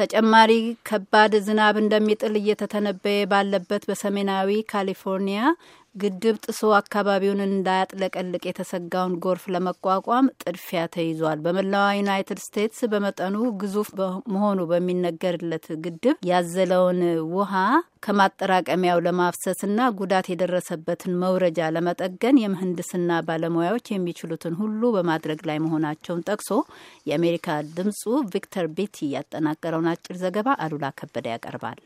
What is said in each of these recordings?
ተጨማሪ ከባድ ዝናብ እንደሚጥል እየተተነበየ ባለበት በሰሜናዊ ካሊፎርኒያ ግድብ ጥሶ አካባቢውን እንዳያጥለቀልቅ የተሰጋውን ጎርፍ ለመቋቋም ጥድፊያ ተይዟል። በመላዋ ዩናይትድ ስቴትስ በመጠኑ ግዙፍ መሆኑ በሚነገርለት ግድብ ያዘለውን ውሃ ከማጠራቀሚያው ለማፍሰስና ጉዳት የደረሰበትን መውረጃ ለመጠገን የምህንድስና ባለሙያዎች የሚችሉትን ሁሉ በማድረግ ላይ መሆናቸውን ጠቅሶ የአሜሪካ ድምጹ ቪክተር ቤቲ ያጠናቀረውን አጭር ዘገባ አሉላ ከበደ ያቀርባል።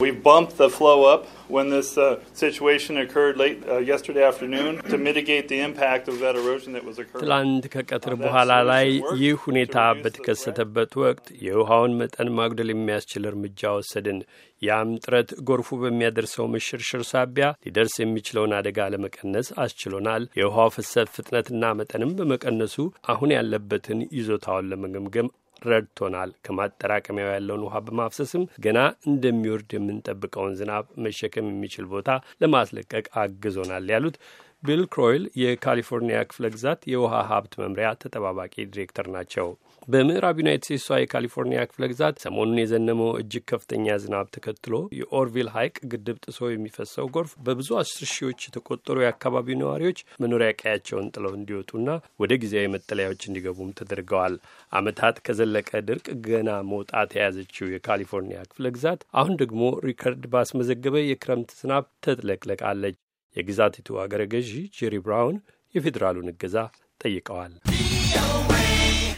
We bumped the flow up when this uh, situation occurred late uh, yesterday afternoon to mitigate the impact of that erosion that was occurring. ትላንት ከቀትር በኋላ ላይ ይህ ሁኔታ በተከሰተበት ወቅት የውሃውን መጠን ማጉደል የሚያስችል እርምጃ ወሰድን። ያም ጥረት ጎርፉ በሚያደርሰው ምሽርሽር ሳቢያ ሊደርስ የሚችለውን አደጋ ለመቀነስ አስችሎናል። የውሃው ፍሰት ፍጥነትና መጠንም በመቀነሱ አሁን ያለበትን ይዞታውን ለመገምገም ረድቶናል። ከማጠራቀሚያው ያለውን ውሃ በማፍሰስም ገና እንደሚወርድ የምንጠብቀውን ዝናብ መሸከም የሚችል ቦታ ለማስለቀቅ አግዞናል ያሉት ቢል ክሮይል የካሊፎርኒያ ክፍለ ግዛት የውሃ ሀብት መምሪያ ተጠባባቂ ዲሬክተር ናቸው። በምዕራብ ዩናይት ስቴትሷ የካሊፎርኒያ ክፍለ ግዛት ሰሞኑን የዘነመው እጅግ ከፍተኛ ዝናብ ተከትሎ የኦርቪል ሐይቅ ግድብ ጥሶ የሚፈሰው ጎርፍ በብዙ አስር ሺዎች የተቆጠሩ የአካባቢው ነዋሪዎች መኖሪያ ቀያቸውን ጥለው እንዲወጡና ወደ ጊዜያዊ መጠለያዎች እንዲገቡም ተደርገዋል። ዓመታት ከዘለቀ ድርቅ ገና መውጣት የያዘችው የካሊፎርኒያ ክፍለ ግዛት አሁን ደግሞ ሪከርድ ባስመዘገበ የክረምት ዝናብ ተጥለቅለቃለች። የግዛቲቱ አገረ ገዢ ጄሪ ብራውን የፌዴራሉን እገዛ ጠይቀዋል።